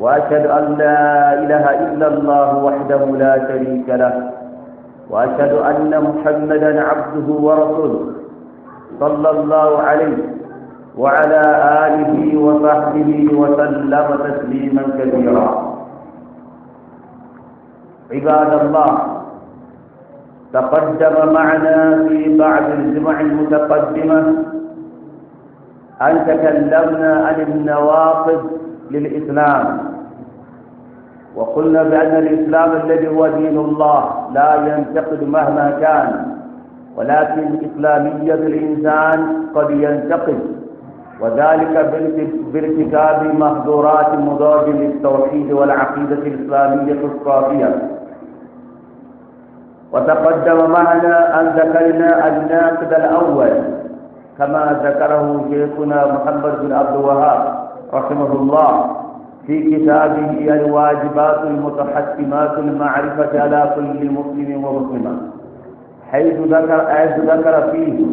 وأشهد أن لا إله إلا الله وحده لا شريك له وأشهد أن محمدا عبده ورسوله صلى الله عليه وعلى آله وصحبه وسلم تسليما كثيرا عباد الله تقدم معنا في بعض الجمع المتقدمة أن تكلمنا عن النواقض للإسلام وقلنا بأن الإسلام الذي هو دين الله لا ينتقد مهما كان ولكن إسلامية الإنسان قد ينتقد وذلك بارتكاب محظورات مضاد للتوحيد والعقيدة الإسلامية الصافية وتقدم معنا أن ذكرنا الناقد الأول كما ذكره شيخنا محمد بن عبد الوهاب رحمه الله في كتابه الواجبات المتحكمات المعرفة على كل مسلم ومسلمة حيث ذكر حيث ذكر فيه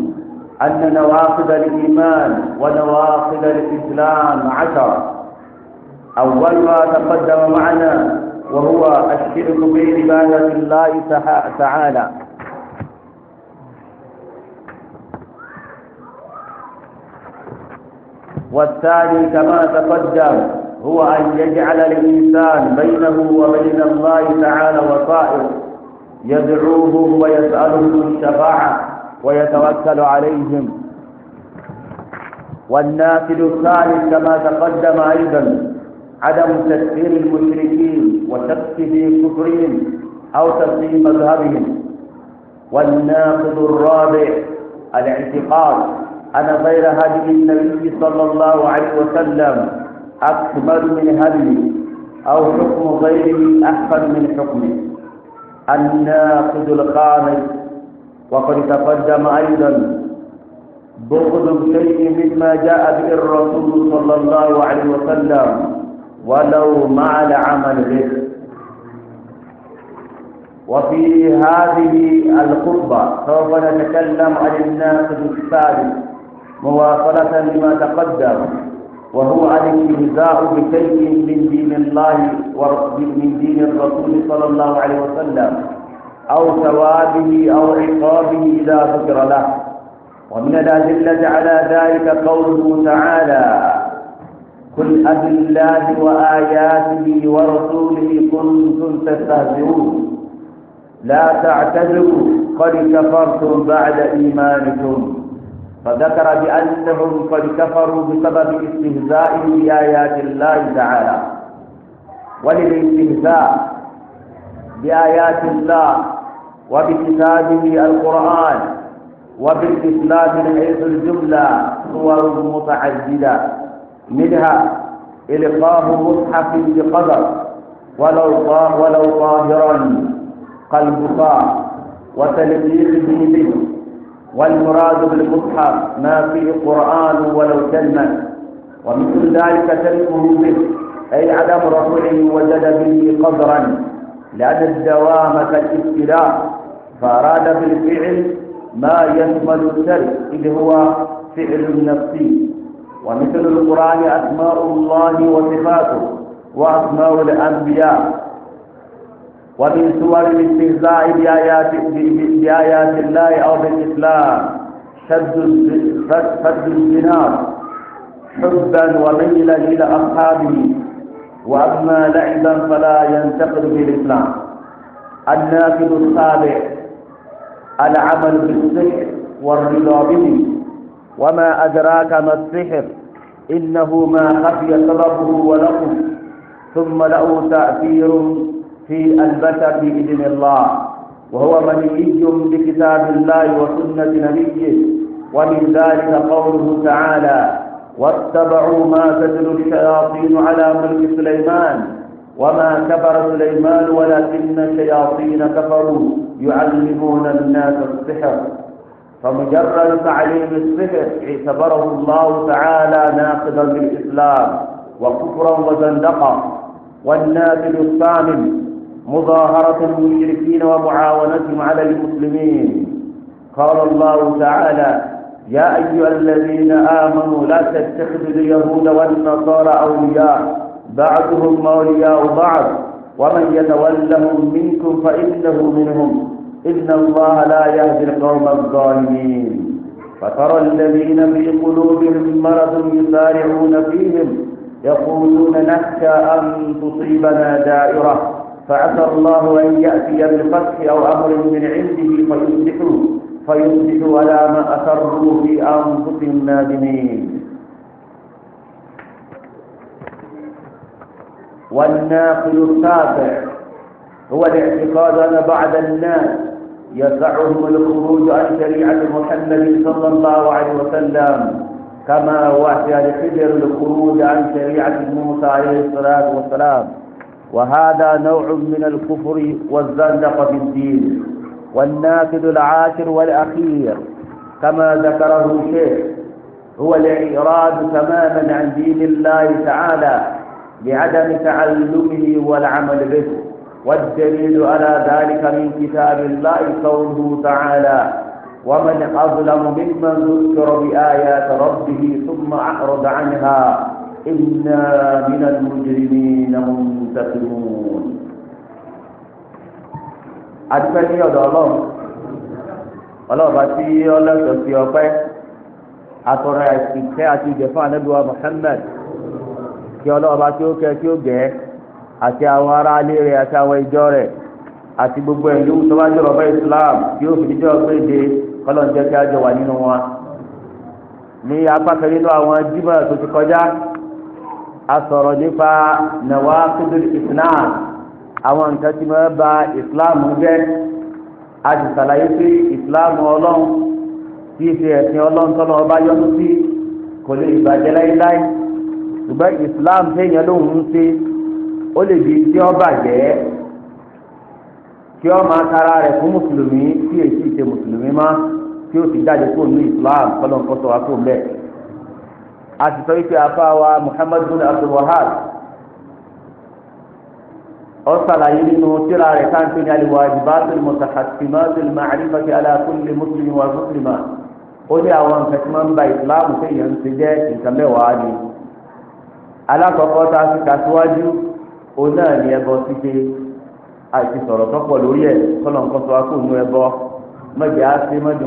أن نواقض الإيمان ونواقض الإسلام عشرة أولها تقدم معنا وهو الشرك بعبادة الله تعالى والثاني كما تقدم هو أن يجعل الإنسان بينه وبين الله تعالى وصائر يدعوهم ويسألهم الشفاعة ويتوكل عليهم والنافل الثالث كما تقدم أيضا عدم تكفير المشركين وشك في كفرهم أو تسليم مذهبهم والناقض الرابع الاعتقاد أنا غير هدي النبي صلى الله عليه وسلم أكبر من هدي أو حكم غيره أحسن من حكمه الناقد الخامس وقد تقدم أيضا بغض شيء مما جاء به الرسول صلى الله عليه وسلم ولو مع العمل به وفي هذه الخطبة سوف نتكلم عن الناقد الثالث مواصلة لما تقدم وهو عن الاستهزاء بشيء من دين الله ومن دين الرسول صلى الله عليه وسلم أو ثوابه أو عقابه إذا ذكر له ومن الأدلة على ذلك قوله تعالى قل أبي الله وآياته ورسوله كنتم تستهزئون لا تعتذروا قد كفرتم بعد إيمانكم فذكر بأنهم قد كفروا بسبب استهزاء بآيات الله تعالى وللاستهزاء بآيات الله وبكتابه القرآن وبالإسلام من حيث الجملة صور متعددة منها إلقاء مصحف بقدر ولو ولو طاهرا قلبك وتلبيخه به والمراد بالمصحف ما فيه قرآن ولو كلمة ومثل ذلك تركه به أي عدم رفعه وجد به قدرا لأن الدوام كالابتلاء فأراد بالفعل ما يشمل الترك إذ هو فعل نفسي ومثل القرآن أسماء الله وصفاته وأسماء الأنبياء ومن صور الاستهزاء بآيات بآيات الله أو بالإسلام شد شد الزنار حبا وميلا إلى أصحابه وأما لعبا فلا ينتقد بالإسلام الناقد الصالح العمل بالسحر والرضا به وما أدراك ما السحر إنه ما خفي سببه ولقب ثم له تأثير في البشر بإذن الله وهو مليء بكتاب الله وسنة نبيه ومن ذلك قوله تعالى واتبعوا ما تدل الشياطين على ملك سليمان وما كفر سليمان ولكن الشياطين كفروا يعلمون الناس السحر فمجرد تعليم السحر اعتبره الله تعالى ناقضا للاسلام وكفرا وزندقا والناس الثامن مظاهرة المشركين ومعاونتهم على المسلمين قال الله تعالى يا أيها الذين آمنوا لا تتخذوا اليهود والنصارى أولياء بعضهم أولياء بعض ومن يتولهم منكم فإنه منهم إن الله لا يهدي القوم الظالمين فترى الذين في قلوبهم مرض يسارعون فيهم يقولون نخشى أن تصيبنا دائرة فعسى الله أن يأتي بالفتح أو أمر من عنده فيصبحوا فيصبحوا على ما أسروا في أنفسهم نادمين والناقل السابع هو الاعتقاد أن بعض الناس يسعهم الخروج عن شريعة محمد صلى الله عليه وسلم كما وحي لحجر الخروج عن شريعة موسى عليه الصلاة والسلام وهذا نوع من الكفر والزندقة في الدين والنافذ العاشر والأخير كما ذكره الشيخ هو الإعراض تماما عن دين الله تعالى لعدم تعلمه والعمل به والدليل على ذلك من كتاب الله قوله تعالى ومن أظلم ممن ذكر بآيات ربه ثم أعرض عنها إنا من المجرمين منتقمون adúpẹ́ ní ọ̀dọ̀ ọlọ́run ọlọ́run bá tí ọlọ́sọ̀ sí ọpẹ́ àtọ̀rọ̀ ìfẹ́ àti ìjẹ̀fọ́ anábíwá Muhammad kí ọlọ́run bá tí ó kẹ́ kí ó gẹ́ àti àwọn aráalé rẹ̀ àti àwọn ìjọ rẹ̀ àti gbogbo ẹ̀ yóò tó bá jọ̀rọ̀ ọ̀bẹ Islam tí ó fi dídọ́ péde kọ́lọ́n jẹ́ kí á jọ wà nínú wọn ní apá kan nínú àwọn jímọ̀ tó ti kọjá asọ̀rọ̀ nípa nawaqidul islam àwọn nǹkan tí islam jẹ́ a ti sàlàyé pé islam ọlọ́run tí ìṣe ẹ̀sìn ọlọ́run tọ́lọ́ ọba yọ́nú sí kò lè ìbàjẹ́ láéláé ṣùgbọ́n islam téèyàn lòun ń ṣe ó lè di tí ó bàjẹ́ tara rẹ̀ fún mùsùlùmí tí èyí ṣe mùsùlùmí má ó jáde islam kọ́lọ́n wa kó mẹ́ẹ̀. a sì sọ wípé afáwa Muhammad bin Abdulwahab ó ṣàlàyé nínú tíra rẹ̀ káńtó ní al-wajibatul mutahassimatul ma'rifati ala kulli mùsùlùmí wa mùsùlùmá ó ní àwọn nǹkan tí ń ba ìsìláàmù tó yẹn ń ti jẹ́ nǹkan mẹ́wàá ni alákọ̀ọ́kọ́ tá fi kà síwájú náà ní ẹbọ ṣíṣe àti sọ̀rọ̀ tọ́pọ̀ lórí ẹ̀ kọ́nà nǹkan sọ akóhùn ẹbọ mọ̀jẹ̀ á sí mọ́jú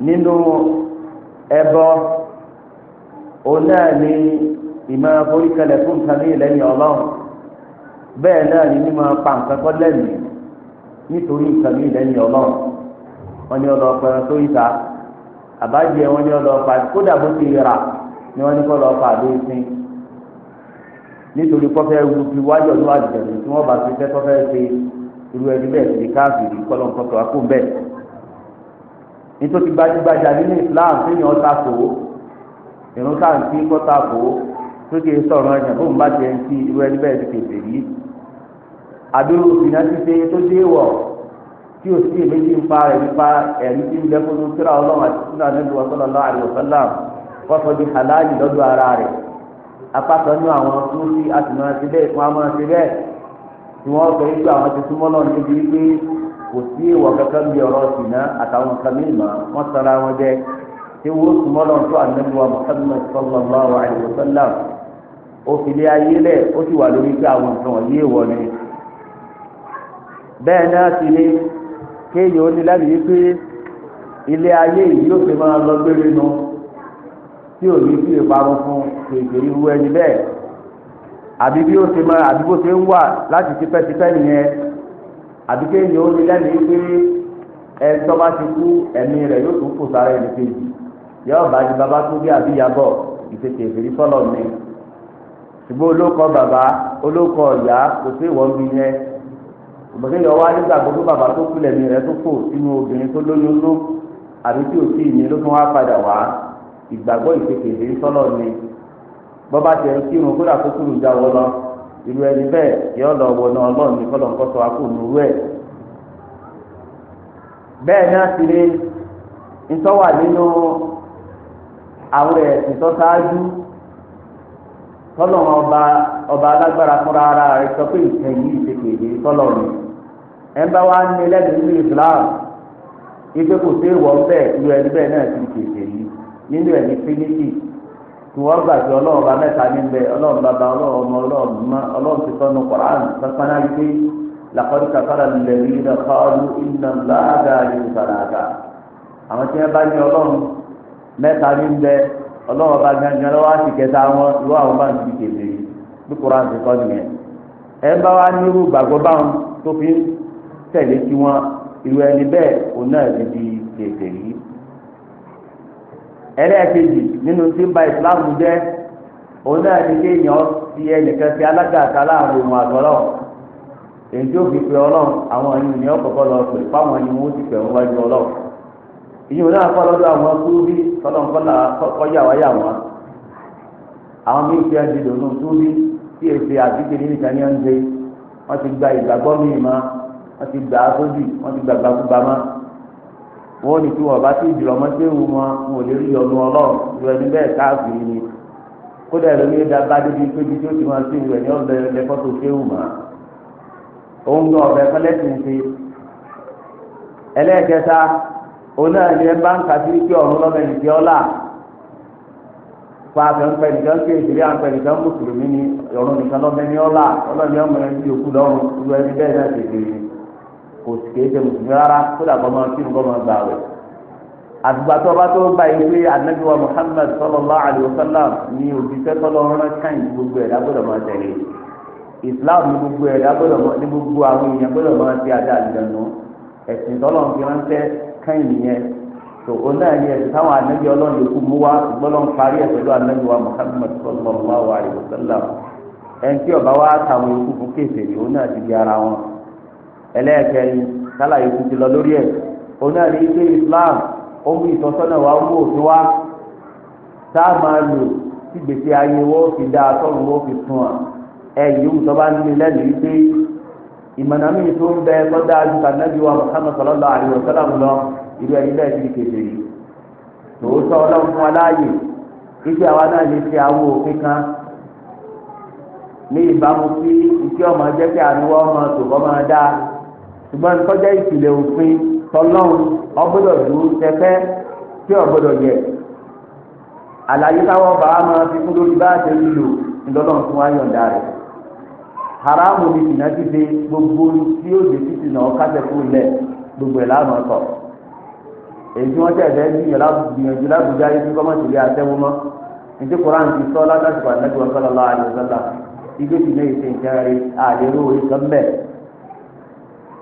nínú ẹbọ òun náà ni ìmọ̀ àforíkalẹ̀ fún nǹkan ní ìlẹ́yìn ọlọ́run bẹ́ẹ̀ náà ni mímọ̀ pa nǹkan kọ́ lẹ́mìí nítorí nǹkan ní ìlẹ́yìn ọlọ́run wọn ni ọlọ́ pẹ̀rẹ̀ tó ìta àbájẹ wọn ni ọlọ́ pa kódà bó ti rà ni wọn ní kọ́ lọ́ọ́ pa àdó ìsìn nítorí kọfẹ wu fi wájọ ní wàjú tẹ́lẹ̀ tí wọn bá fi fẹ kọfẹ ṣe irú ẹni bẹ́ẹ̀ ti káàkiri kọlọńkọtọ akó bẹ́ẹ̀ nítorí gbajúgbajà nínú Islam fíyàn ọ̀tà kò ìrún káàkiri kọ́tà kò kéèké sọ̀rọ̀ ẹ̀yàn fóun bá jẹ́ ti irú ẹni bẹ́ẹ̀ ti kèfè rí àdúró òfìnà títẹ tó dé wọ̀ tí o sì méjì ń pa rẹ̀ nípa ẹ̀rí tí ń bẹ fún tíra ọlọ́run àti sínú àdúgbò ọ̀sán ọ̀lá àdúgbò sálàm kọ́sọ̀ di halali lọ́dọ̀ ara rẹ̀ apákan ní àwọn tó ti àtìmọ́ ti bẹ́ẹ̀ fún amọ́ ti bẹ́ẹ̀ tí wọ́n sọ wípé àwọn ti súnmọ́ lọ́nà níbi wípé kò sí ìwọ̀ kankan bí ọ̀rọ̀ ṣìnà àtàwọn nǹkan mìíràn wọ́n sara wọn jẹ tí wọ́n súnmọ́ lọ́n tó ànábìwá Muhammad sallallahu alayhi wa sallam ó fi lé ayé lẹ̀ ó sì wà lórí pé àwọn nǹkan wọ̀nyí èèwọ̀ ni. bẹ́ẹ̀ náà sì ni kéèyàn ó ní láti yí pé ilé ayé yìí yóò fi máa lọ gbére nu tí ò ní sí ìparun fún kéèké irú ẹni bẹ́ẹ̀ àbí bí ó ti máa àbí bó ń wà láti tipẹ́tipẹ́ nìyẹn àbí kéèyàn ó ní lẹ́nu pé ẹ̀tọ́ bá ti kú ẹ̀mí rẹ̀ yóò tún kù sára ẹni kejì yóò bá di bàbá tó bí àbíyábọ̀ ìtètè ìfèrí fọlọ́ mi ṣùgbọ́n olókọ bàbá olókọ ọ̀yá kò sí ìwọ́n bí yẹn òbẹ̀kẹ́ yọ wá nígbà gbogbo bàbá tó kú lẹ́mí rẹ̀ tó kù sínú obìnrin tó lóyún ló àbí tí ò sí ìní ló tún wá padà wá ìgbàgbọ́ ìtètè ìfèrí fọlọ́ mi bọ́bá tẹ̀ ń kírun kódà kó kúrò jáwọ́ lọ irú ẹni bẹ́ẹ̀ yọ lọ wọ náà ọlọ́run ní kọ́lọ̀ nǹkan sọ akó nùrú ẹ̀. bẹ́ẹ̀ náà ti rí ntọ́wà nínú àwọn ẹ̀sìn tó ṣáájú tọ́lọ̀ ọba ọba alágbára fúnra ara rẹ̀ sọ pé ìtàn yìí ṣe kéde tọ́lọ̀ mi. ẹ̀ ń bá wa ní lẹ́nu nínú Islam ipe kò sí ìwọ̀ bẹ́ẹ̀ irú ẹni bẹ́ẹ̀ náà ti kéde yìí nínú ẹ̀mí fínísì tí wọ́n gbà pé ọlọ́run bá mẹ́ta níbẹ̀ ọlọ́run bàbá ọlọ́run ọmọ ọlọ́run mọ́ ọlọ́run ti sọnù kọ́ránù pápánà gbé làkọ́dí kàkàrà lẹ́rí rẹ̀ kọ́ọ́lù iná láàgà yóò sàràgà. àwọn tí bá ní kẹta wọn àwọn bá ń ti kéde bí ti nìyẹn. ẹ bá gbàgbọ́ tó fi tẹ̀lé tiwọn ẹni bẹ́ẹ̀ ẹlẹ́ẹ̀kejì nínú tí ń ba ìsìláàmù jẹ́ òun náà ní kéèyàn ti ẹnìkan ti alágàtà láàrin òun àtọ́lọ́ èyí tí ó fi àwọn ẹni lọ fáwọn ẹni wọn ó ti pè wájú ọlọ́run ìyẹn náà kọ́ lọ́dọ̀ àwọn túbí tọ́lọ́nkọ́lá wáyà wọn àwọn míì fi ẹni dòdò túbí tí àtìkè ní ní wọ́n wọn ní tí wọn bá ti jùlọ ọmọ tí ewu wọn wọn ò lè rí ọnu Ọlọ́run ju ẹni bẹ́ẹ̀ káàkiri ni kódà ẹ̀rọ ní ẹ̀dá bá débi pébi tí ó ti máa ń sèwù ẹni ọ̀bẹ ẹ̀fọ́ tó séwù mọ́ òun ní ọ̀bẹ pẹlẹ́tì ń ṣe ẹlẹ́ẹ̀kẹta òun náà ní ẹ bá ń kàdí pé ọ̀run lọ́mọ ẹnì jẹ́ ọ́là pàṣẹ ń pẹ́ nìkan ké ìdílé àpẹ nìkan mùsùlùmí ni ọ̀run nìkan lọ́mọ ẹni ọ́là ọlọ́ọ̀ni ọmọ ẹni yòókù lọ́run kò sì kéé ṣe mùsùlùmí rárá kódà kọ́ máa kírun kọ́ máa gbà wẹ̀. àtùgbà tó bá tó gba ìwé anabi wa muhammad sallallahu alayhi wa ni òbíṣẹ́ tọ́lọ́run rán káyìn gbogbo ẹ̀dá gbọ́dọ̀ máa tẹ̀lé islam ní gbogbo ẹ̀dá gbọ́dọ̀ ní gbogbo àwọn èèyàn gbọ́dọ̀ máa ti àdá àdìdànù ẹ̀sìn tọ́lọ́run fi ránṣẹ́ káyìn nìyẹn tó o náà ní ẹ̀sìn táwọn anabi ọlọ́run muhammad sallallahu alayhi wa sallam ẹni tí ọba wa tàwọn ikú fún ẹlẹ́ẹ̀kẹrin sálàyé tuntun lọ lórí ẹ̀ òun na ní Islam ohun mú ìtọ́sọ́nà wa mú òfin wa tá a máa lò tí gbèsè ayé wọ́n fi dá atọ́run wọ́n fi fún wa ẹ̀yìn òun tó bá ń ní lẹ́nu wípé ìmọ̀nà tó ń bẹ lọ́dọ̀ àdúgbò wa lọ ìlú ẹ̀yìn bẹ́ẹ̀ ti di tòótọ́ ọlọ́run fún wa láàyè àwa náà lè àwọn òfin kan ní ìbámu sí ọmọ ṣùgbọ́n nítọ́jà ìpìlẹ̀ òfin tọlọ́run ọgbọ́dọ̀ dúró tẹ́fẹ́ tí ọgbọ́dọ̀ yẹ àlàyé táwọn bàá máa fi kún lórí bá a ṣe lílo ńlọ́lọ́run fún ayọ̀ǹda rẹ̀ haramu ni tìǹà ti gbogbo tí ó de títì náà lẹ̀ gbogbo ẹ̀ èyí tí wọ́n tẹ̀sẹ̀ gbìyànjú lábùjá àtẹ́wọ́ mọ́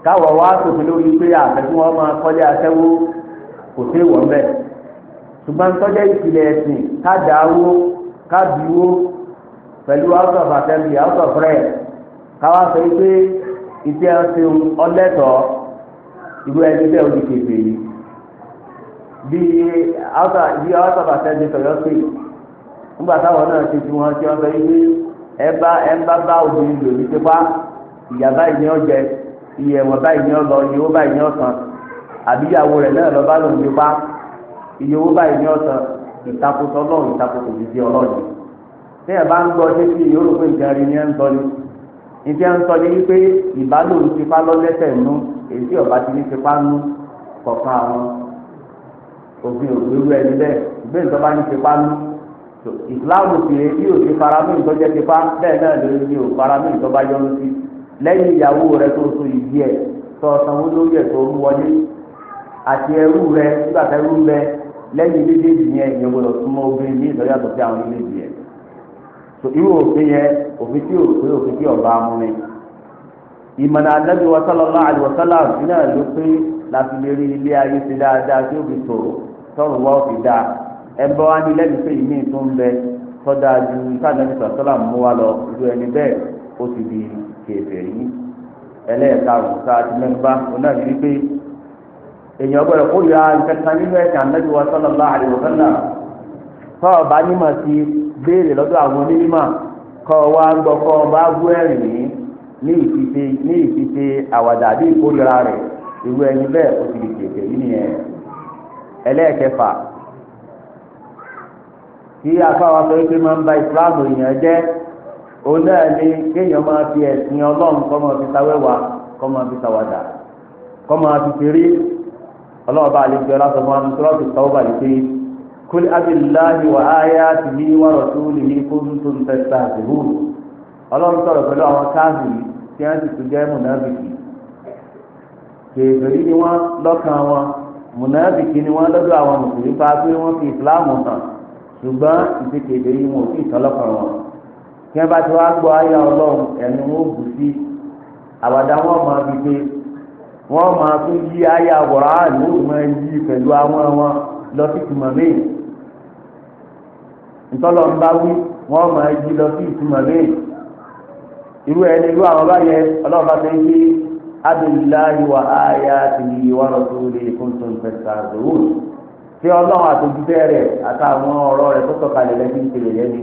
káwọ̀ wá sòfin lórí pé àfẹ́tí wọ́n máa kọ́lé aṣẹ́wó kò sí ìwọ̀n bẹ́ẹ̀ ṣùgbọ́n tọ́jẹ́ ìpìlẹ̀ ẹ̀sìn kádàáwó kábíwó pẹ̀lú house of assembly house of rẹ̀ káwá sọ pé iṣẹ́ ṣeun ọlẹ́tọ̀ọ́ ìlú ẹni bẹ́ẹ̀ ó di kébè yìí bí house of assembly sọ̀rọ̀ pé nígbà táwọn náà ti fi wọn ṣe wọn sọ pé ẹ bá ẹ bá bá obìnrin lòdì sípá ìyàbá ìní ọ̀jẹ̀ ìyẹ̀wọ̀n báyìí ni ó lọ iye owó báyìí ni ó san àbí ìyàwó rẹ̀ náà lọ́ba lòun yóò bá iye owó báyìí ni ó san ìtakùsọ ọlọ́run ìtakùsọ òjijì ọlọ́run tí ẹ̀ bá ń gbọ́ ṣé kí yóò rò pé nǹkan rí ni ẹ̀ ń sọ ni ìdí ẹ̀ ń sọ ni wípé ìbálòun ti pa lọ́lẹ́sẹ̀ nú èyí ọ̀bá ti ní ti pa nú kọ̀ọ̀kan àwọn òfin òwúrú ẹni bẹ́ẹ̀ ìgbé nǹkan bá ní ti pa nú ìsìláàmù sì rè bí òsì faramí nǹkan ti pa bẹ́ẹ̀ náà ló ní òfaramí nǹkan bá yọ lẹ́yìn ìyàwó rẹ tó so ìdí ẹ̀ tó sanwó lórí ẹ̀ tó mú wọlé àti ẹrú rẹ nígbà tá ẹrú rẹ lẹ́yìn méjèèjì yẹn ìyẹn gbọdọ̀ súnmọ́ obìnrin ní ìtọ́jú àtọ̀tí àwọn méjèèjì yẹn so irú òfin yẹn òfin tí òfin òfin tí ọba mú ni ìmọ̀nà anábì wasalọ́lá àdìwọ́sálà náà ló pé láti lè rí ilé ayé ti dáadáa tí ó fi sòrò tọrùn wá òfin dáa ẹbọ wa ni lẹ́nu pé ìmí tó ń bẹ tọ́da ju ìtàn náà mú wa lọ ju ẹni bẹ́ẹ̀ ó ti di kèfè yìí ẹlẹ́ẹ̀ta òkúta ti mẹ́nubá ọ̀nà yìí pé èèyàn gbọ́dọ̀ kó ya nǹkankan nínú ẹ̀sìn anábì wa kọ́ nímọ̀ sí lọ́dọ̀ àwọn onímọ̀ kọ́ òun náà ni kéèyàn máa fi ẹ̀sìn ọlọ́run kọ́ máa fi sáwẹ́wà kọ́ máa fi sáwàdà kọ́ máa fi ṣeré ọlọ́run bá àlejò ọlọ́sọ fún wa sọ́rọ́ fi sọ́wọ́ bá lè ọlọ́run sọ̀rọ̀ pẹ̀lú àwọn tí wọ́n tún jẹ́ mùnàbìkì ni wọ́n lọ́kàn wọn mùnàbìkì ni wọ́n lọ́dọ̀ àwọn mùsùlùmí pa pé wọ́n fi ṣùgbọ́n wọn. kí wọn bá ti wá gbọ́ ayé Ọlọ́run ẹnu wọn bù sí àbàdà wọn máa fi pé wọn máa tún yí ayé àwòrán àlè wọn máa yí pẹ̀lú àwọn wọn lọ sí tìmọ̀ míì ntọ́lọ̀ ń bá wí wọn máa yí lọ sí ìtumọ̀ irú ẹni irú àwọn báyẹn ọlọ́ọ̀bá ti ń yí abillahi wa ayatihi wa rasulihi kuntum tastahzi'un tí ọlọ́run àtòjútẹ́ rẹ̀ àtàwọn ọ̀rọ̀ rẹ̀ tó sọ̀kalẹ̀ lẹ́yìn ìṣẹ̀lẹ̀ yẹn ni.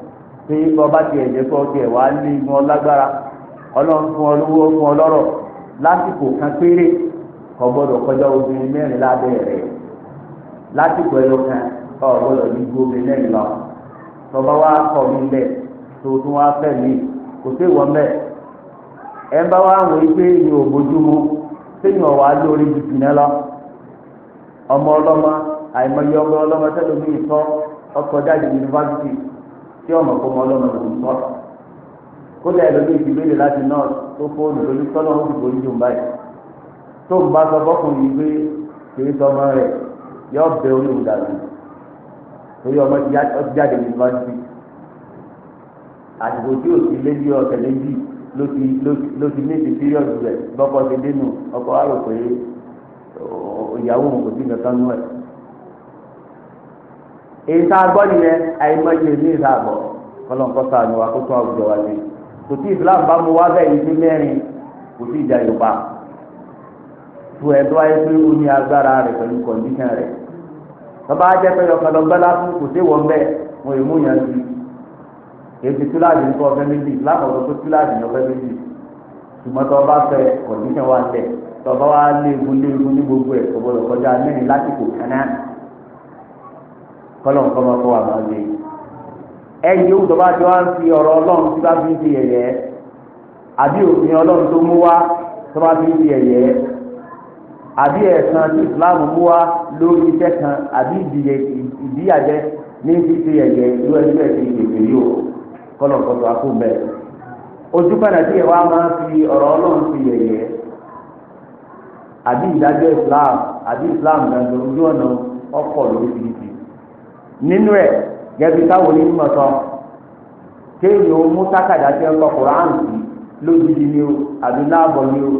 tí ọba tiẹ̀ jẹ́ kọ́ tiẹ̀ wá ọlọ́run fún ọ lówó fún ọ lọ́rọ̀ lásìkò kan péré kò gbọ́dọ̀ kọjá obìnrin mẹ́rin lábẹ́ rẹ̀ lásìkò kan kò gbọ́dọ̀ ní ju obìnrin mẹ́rin lọ tọba wa kọ̀ mí bẹ́ẹ̀ tó tún wá fẹ́ mi kò sí ìwọ bá wa wò pé ọmọ ọlọ́mọ àìmọye ọmọ ọlọ́mọ ìtọ́ ọkọ̀ tí ọmọ kó mọ ọlọ́mọ lòún sọ kódà ẹlòmíì ti béèrè láti náà tó fóònù lórí tọ́lọ́ ó sì forí jù báyìí tó ń bá sọ bọ́kùnrin gbé kiri sọmọ rẹ yọ bẹ olóhùn dàbí torí ọmọ ti jáde yunifásitì àsìkò tí òsì lé bí ọ̀sẹ̀ méjì ló ti ní ti píríọ̀dù rẹ̀ bọ́kọ ti dénú ọkọ wa rò pé ìyàwó òun kò sí nǹkan kan nú ẹ̀ èyíta agbọ́ nìyẹn àìmọye ní ìta àgbọ̀ kọlọ́nkọ́sá ni wa kó tún àwùjọ wa ṣe kò tí Islam bá mu wá bẹ́ẹ̀ yìí ní mẹ́rin kò tí ìjà Yorùbá tu ẹ̀dọ́ ayé pé ó ní agbára rẹ̀ pẹ̀lú kọ̀ǹdíṣàn rẹ̀ tọ́ba jẹ́ pé ọkàn gbẹ́lá fún kò sí wọn bẹ́ẹ̀ wọn èmú yẹn ti èsì túláàdì ń kọ́ ọ̀fẹ́ méjì Islam ọ̀dọ́ tó túláàdì ní ọ̀fẹ́ méjì ṣùgbọ́n tọ́ bá fẹ́ kọ̀ǹdíṣàn wa tẹ̀ tọ́ba wa lé egun lé ní gbogbo ẹ̀ kò kọjá mẹ́rin lásìkò kan kọ́lọ̀ nǹkan máa kọ́ wà máa lé ẹ̀yìn yóò tó bá ti wá ń fi ọ̀rọ̀ ọlọ́run tí bá fi ń fi yẹ̀yẹ́ àbí òfin ọlọ́run tó mú wá tó bá fi ń fi yẹ̀yẹ́ àbí ẹ̀sán tí Islam mú wá lórí iṣẹ́ kan àbí ìdíyàjẹ́ ní fífi yẹ̀yẹ́ ló ẹni bẹ́ẹ̀ ti yẹ̀yẹ́ yìí o kọ́lọ̀ nǹkan tó ojú pẹ̀lú tí ìwà máa ń fi ọ̀rọ̀ ọlọ́run fi yẹ̀yẹ́ àbí ìdájọ́ Islam àbí Islam gbàgbọ́ ojú ọ̀nà ọkọ̀ lórí nínú ẹ̀ gẹ́gẹ́ táwọn onímọ̀ sọ kéèyàn ó mú tákàdá tí ó kọ kùránù sí lójijì ni o àbí láàbọ̀ ni o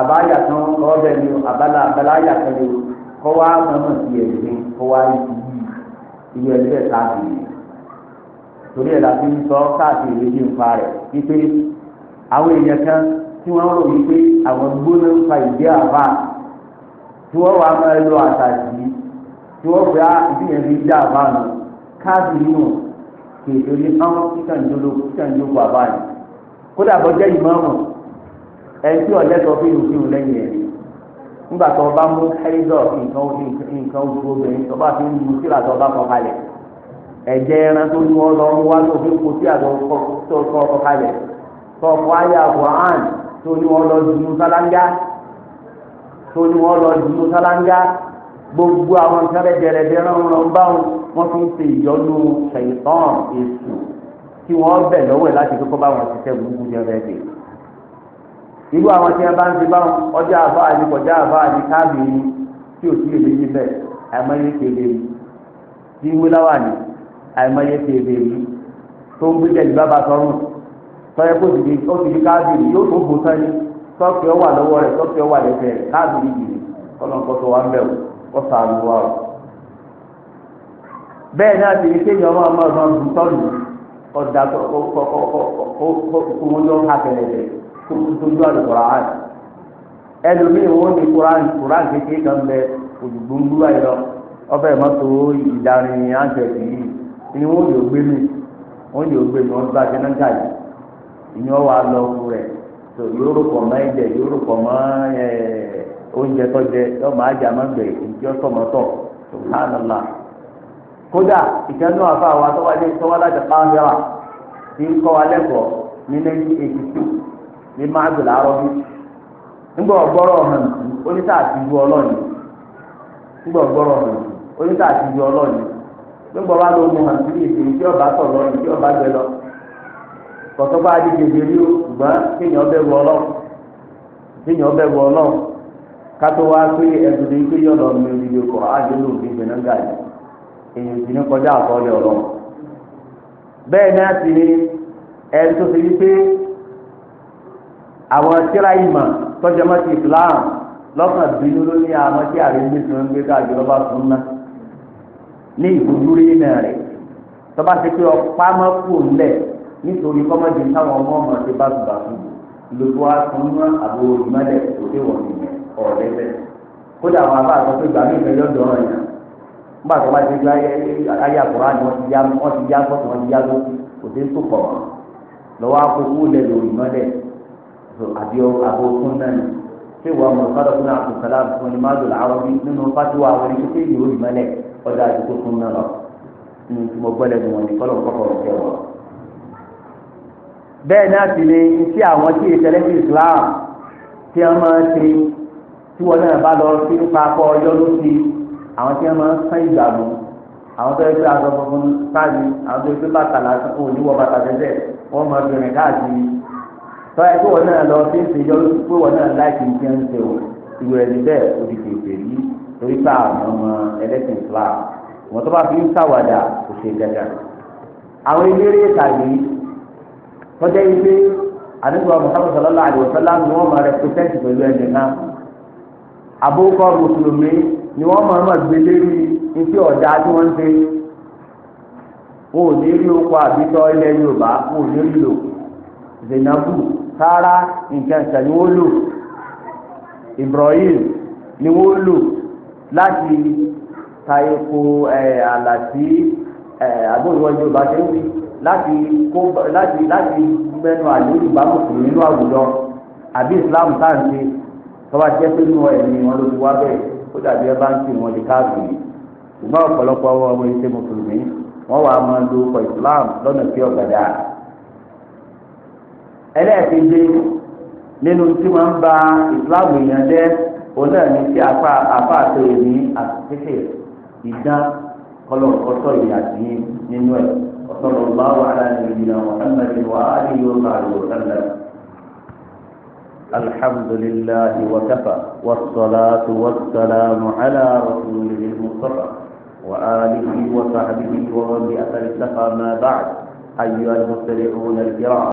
àbáyà kan ọ̀bẹ ni o àbálà àbáláyà kan ni o kọ́ wá mọ̀mọ́ sí ẹ̀sìn kọ́ wá yí iye ẹgbẹ́ káàkiri torí ẹ̀ la fi ń sọ káàkiri méjì ń fa rẹ̀ wípé àwọn èèyàn kan tí wọ́n rò wípé àwọn gbóná ń fa ìdí àbá tí wọ́n wà máa lo àtàkì yìí. tí wọ́n fi á ìdíyẹn dá àbá káàdì nínú kèèdè ní àwọn kíkàndínlò kíkàndínlò àbá kódà bọ́ jẹ́ sọ fún ìlú lẹ́yìn ẹ̀ nígbà tó o mú ẹ́rìndọ̀ nǹkan nǹkan ojú obìnrin tó fi ń lu síra tó o kọ kalẹ̀ ẹ̀jẹ̀ ẹran tó ní wọn lọ ń wá kó gbogbo àwọn nǹkan rẹ jẹrẹ jẹrẹ ń lọ bá wọn wọn tún ṣe ìyọnu ṣèyítàn èṣù tí wọn bẹ lọ́wọ́ ẹ láti kókó bá wọn ṣiṣẹ́ gbogbo jẹrẹ dè irú àwọn tí wọn bá ń ṣe báwọn ọjà àbá àti kọjá àbá àti káàbìrì tí ò sí èlé yìí bẹ àìmọye tèlè yìí tí wíláwà ní àìmọye tèlè yìí tó ń gbé jẹjì bàbá sọrùn sọyẹ kó ti di ó ti di káàbìrì yóò tó bò sọyìn sọfì ọwà lọ́wọ́ rẹ sọfì ọwà lẹ́sẹ̀ káàbìrì yìí kọlọńkọsọ wa ń bẹ wò. ọ̀sà àlùwà o bẹ́ẹ̀ náà ti ní kéèyàn ọmọ ọmọ ọmọ ọdún tọ́lù ọ̀dà kókó yọ akẹ̀lẹ̀lẹ̀ tó tójú àlùkòrò àhàn ọbẹ̀ mọ́tò ni yóò gbé mi yóò gbé mi bá náà yóò pọ̀ mọ́ ẹ̀jẹ̀ yóò pọ̀ mọ́ ẹ̀ẹ́. oúnjẹ tó jẹ yóò máa jà máa ń bẹ̀rẹ̀ ìdí subhanallah kódà ìkànnì àfa àwa tó wáyé tó wá láti pàǹdàrà ti ń kọ́ wa lẹ́kọ̀ọ́ ní 1982 ní máàgì làárọ̀ ńgbọ́ ọgbọ́rọ̀ hàn oníta àti ju ọlọ́ọ̀ni ńgbọ́ ọgbọ́rọ̀ hàn oníta àti ju ọlọ́ọ̀ni ńgbọ́ wa ló mu hàn sí tí ọba lọ́ọ̀ni tí ọba gbẹ kátó wá pé ẹ̀sùn ní pé yọ̀dọ̀ mi rí o kọ̀ ájú ló fi gbẹ̀nà gà yìí èyí sì ní kọjá àkọọ́lẹ̀ ọ̀rọ̀ bẹ́ẹ̀ náà sì ni ẹni tó fi wípé àwọn tíra ìmọ̀ tọ́jú ọmọ ti Islam lọ́kàn bínú ló ní àwọn tí àrí ní sùn ń gbé káàkiri lọ́ba fún náà ní ìbùdúrí náà rẹ̀ tọ́ba ti pé ọ̀pá mọ́ kù ńlẹ̀ nítorí kọ́mọ́dé táwọn ọmọ ọmọ ti bá tùbà fún lóko àtúnwá àbò ìmọ̀lẹ̀ òde wọ̀nyí ọ̀lẹ́sẹ̀ kódà àwọn abá àtọ́sọ ìgbà mí ìfẹ́ yọ̀dọ̀ ọ̀rọ̀ yẹn nígbà tó bá ti gbé ayé ni wọ́n ti yá wọ́n ti yá wọ́n ti yá kò sí tó lọ́wọ́ akókó lórí mọ́lẹ̀ àbí abo fún náà ni ṣé ìwà ọmọ fún fún ni má lòlá àwọn bí nínú mọ́lẹ̀ ọjà àdúgbò fún náà lọ ní tí tí wọn náà bá lọ sí nípa akọ ọjọ́ ló ti àwọn tí wọn máa ń sán ìgbàgbọ́ àwọn tó yẹ pé aṣọ funfun káàdì àwọn tó yẹ pé bàtà lásán kò ní wọ bàtà tẹ́tẹ́ wọ́n máa fi rìn káàkiri tọ́yà pé wọn náà lọ sí ìṣèjọ́ ló ti pé wọn náà láìpẹ́ ní tiẹ̀ ń ṣe o ìwé ẹni bẹ́ẹ̀ o ti fi ìpè yí torí pé àwọn ọmọ ẹlẹ́sìn Islam wọn tó bá fi ń ṣàwàdà kò ṣe dẹ́gà àwọn eléré tàbí tọ́jà yìí pé àdúgbò Muhammad sallallahu alaihi wasallam ni wọ́n máa rẹpẹ́sẹ̀ntì pẹ̀lú àbúkọ mùsùlùmí ni wọ́n máa ma gbé lérí iṣẹ́ ọ̀dà tí wọ́n ń ṣe wọn ò ní rí oko àbítọ́ ilẹ̀ yorùbá wọn ò ní rí lò zainabu sára nǹkan ìṣẹ̀ ni wọ́n lò ibrahim ni wọ́n lò láti ta epo àlà sí yorùbá ṣe ń wí láti kó láti láti mẹ́nu àlè yorùbá mùsùlùmí nínú àwùjọ àbí islam táà ń ṣe tọ́wá jẹ́ pé inú ẹ̀mí wọn ló ti wá bẹ́ẹ̀ ó dàbí ẹ bá ń kí wọn lè káàkiri ṣùgbọ́n ọ̀pọ̀lọpọ̀ ọwọ́ ọmọ iṣẹ́ mùsùlùmí wọ́n wàá máa lo ọkọ̀ Islam lọ́nà tí ọ̀gbàdà ẹlẹ́ẹ̀kejì nínú tí wọ́n ń ba Islam èèyàn jẹ́ òun náà ní sí apá apá àti èmi àtúnṣe ìdán kọlọ̀ ọ̀tọ̀ ìyàtí nínú ẹ̀ ọ̀tọ̀ lọ́wọ́ àlàyé ìdìnnà Muhammad wa alihi wa sallam الحمد لله وكفى والصلاة والسلام على رسوله المصطفى وآله وصحبه ومن بأثر ما بعد أيها المستمعون الكرام